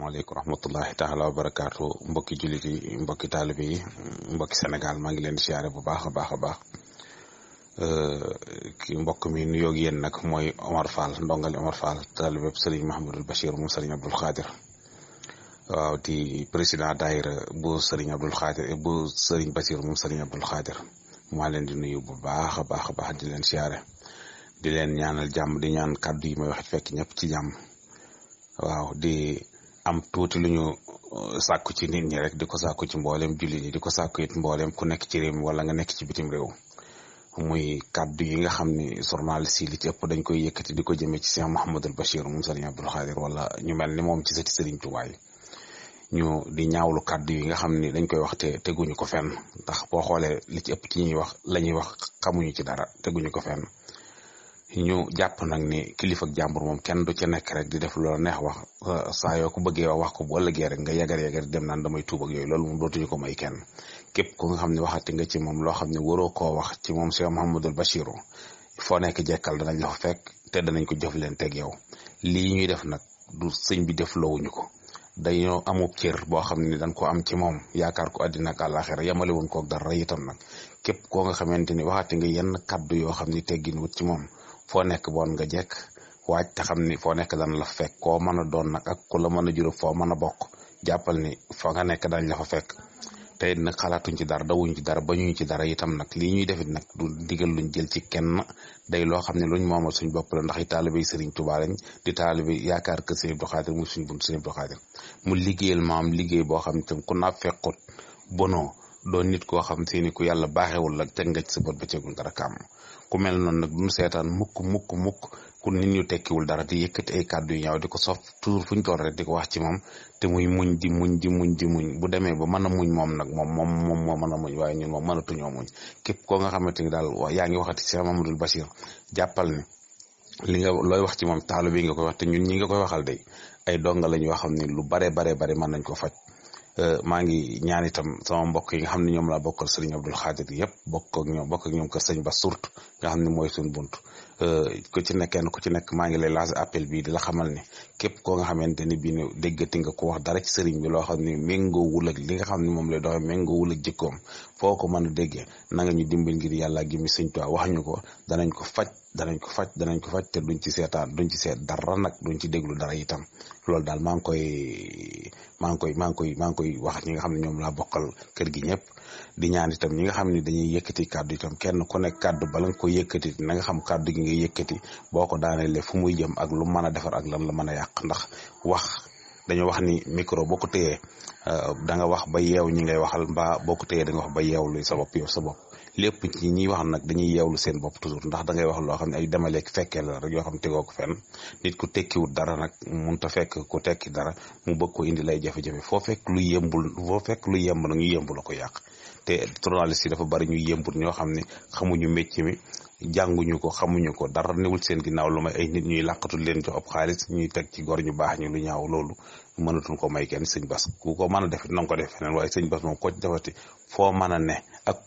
asalaamaaleykum rahmatullahi taala wa barakaatu mbokki jullit yi mbokki taalibe yi mbokki Sénégal maa ngi leen di siyaare bu baax a baax a baax euh, ki mbokk mi nuyoo yéen nag mooy Omar Fall ndongali Omar Fall taalibe Sëriñ Mahamadul Bachir moom Sëriñ Abdul Xaadir waaw di président daayira bu Sëriñ Abdul Xaadir bu Sëriñ Bachir moom Sëriñ Abdul Xaadir maa leen di nuyu bu baax a baax a baax di leen siyaare di leen ñaanal jàmm di ñaan kàddu yi may wax fekk ñëpp ci jàmm waaw di. am tuuti lu ñu uh, sàkku ci nit ñi rek di ko sàkku ci mboolem jullit ñi di ko sàkku it mboolem ku nekk ci réew wala nga nekk ci bitim réew muy kàddu yi nga xam ni journaliste yi li ci dañ koy yëkkati di ko jëmee ci Cheikh Mouhamadul Bachir moom Serigne Abdoul Khadir wala ñu mel ni moom ci sëti Serigne Touba ñu di ñaawlu kàddu yi nga xam ni dañ koy wax te teguñu ko fenn ndax boo xoolee li ci ëpp ci ñuy wax la ñuy wax xamuñu ci dara teguñu ko fenn ñu jàpp nag ni kilifa jàmbur moom kenn du ci nekk rek di def loola neex wax euh, saa yoo ko bëggee wax ko bu ëllëgee rek nga yagar yagar dem naan damay tuub ak yooyu loolu moom dootuñu ko may kenn képp ku nga xam ne waxati nga ci moom loo xam ne waroo koo wax ci moom Cheikh Mouhamadul Bachiru foo nekk jekkal danañ la fa fekk te danañ ko jëf leen yow lii ñuy def nag du sëñ bi def lowuñu ko dañoo amub cër boo xam ne dañ ko am ci moom yaakaar ko àddina ak àllaaxira yemale wuñ ko dara itam nag képp koo nga xamante ni waxati nga yenn kàddu yoo xam ne teggin wut ci moom foo nekk bon nga jekk waaj te xam ni foo nekk dana la fekk koo mën a doon nag ak ku la mën a juróom foo mën a bokk jàppal ni fa nga nekk dañ la fa fekk te it nag xalaatuñ ci dara dawuñ ci dara bañuñ ci dara itam nag lii ñuy defit nag du ndigal luñ jël ci kenn day loo xam ne luñ moomal suñ bopp la ndax i taalibey sëriñ Tuubaa lañ di taalibe yaakaar kër sëriñ Abdu Xaadir muy suñ bunt sëriñ Abdu Xaadir mu liggéeyal maam liggéey boo xam ne tam ku naa fekkut bonoo doon nit koo xam si ni ku yàlla baaxewul la teg nga ci sa bët ba cegul dara kàmm ku mel noonu nag bu seetaan mukk mukk mukk ku nit ñu tekkiwul dara di yëkkati ay kàddu yu di ko sof tuur fu ñu toll rek di ko wax ci moom te muy muñ di muñ di muñ di muñ bu demee ba mën a muñ moom nag moom moom moom moo mën a muñ waaye ñun moom mënatuñoo muñ képp ko nga xamante ni daal yaa ngi waxati Cheikh Mamadou Bachir jàppal ni li nga looy wax ci moom taalu bi nga koy wax te ñun ñi nga koy waxal de ay donga lañ yoo xam ne lu bare bare bare mën nañ ko faj Euh, maa ngi ñaan itam sama mbokk yi nga xam ne ñoom laa bokkal sëriñ Abdul Xaadir yëpp bokk ak ñoom bokk ak ñoom kër sëñ Ba surtout nga xam ne mooy suñu bunt Euh, ko ci nekk kenn ku ci nekk maa ngi lay lancer appel bi di xamal ne képp koo nga xamante ni bii ne déggati nga ko wax dara ci sëriñ bi loo xam ne méngoowul ak li nga xam ni moom lay doxee méngoowul ak jëkkoom foo ko mën a déggee na nga ñu dimbal ngir yàlla gi mi sëñ wax ñu ko danañ ko faj danañ ko faj danañ ko faj te duñ ci seetaan duñ ci seet dara nag duñ ci déglu dara itam loolu daal maa ngi koy maa ngi koy maa maa ngi koy wax ñi nga xam ne ñoom laa bokkal kër gi ñëpp di ñaan itam ñi nga xam ne dañuy yëkkati kàddu itam kenn ku nekk kàddu bala nga ko yëkkati na nga xam kàddu gi ngi yëkkati boo ko daanelee fu muy jëm ak lu mën a defar ak lan la mën a yàq ndax wax dañu wax ni micro boo ko téyee Euh, da nga wax ba yeew ñi ngay waxal mbaa boo ko téyee da wax ba yeewlu sa bopp yow sa bopp lépp ci ñiy wax nag dañuy yeewlu seen bopp toujours ndax da ngay wax loo xam ne ay demaleek fekkee la rek yoo xam tegoo ko fenn nit ku tekkiwut dara nag mënut a fekk ku tekki dara mu bëgg ko indi lay foo fekk lu yëmbul foo fekk lu yëmb nag ñu yëmbu ko yàq te journaliste yi dafa bari ñu yëmbul ñoo xam ne xamuñu métier mi jànguñu ko xamuñu ko dara newul seen ginnaaw lu may ay nit ñuy làqatu leen jox ab xaalis ñuy teg ci gor ñu baax ñu lu ñaaw loolu mënatul ko may kenn sëñ bas ku ko a def na nga ko def feneen waaye sëñ bas moom ko defati foo mën a ne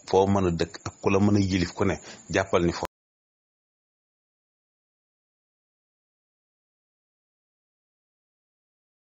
foo mën a dëkk ak ku mën a yilif ku ne jàppal ni foo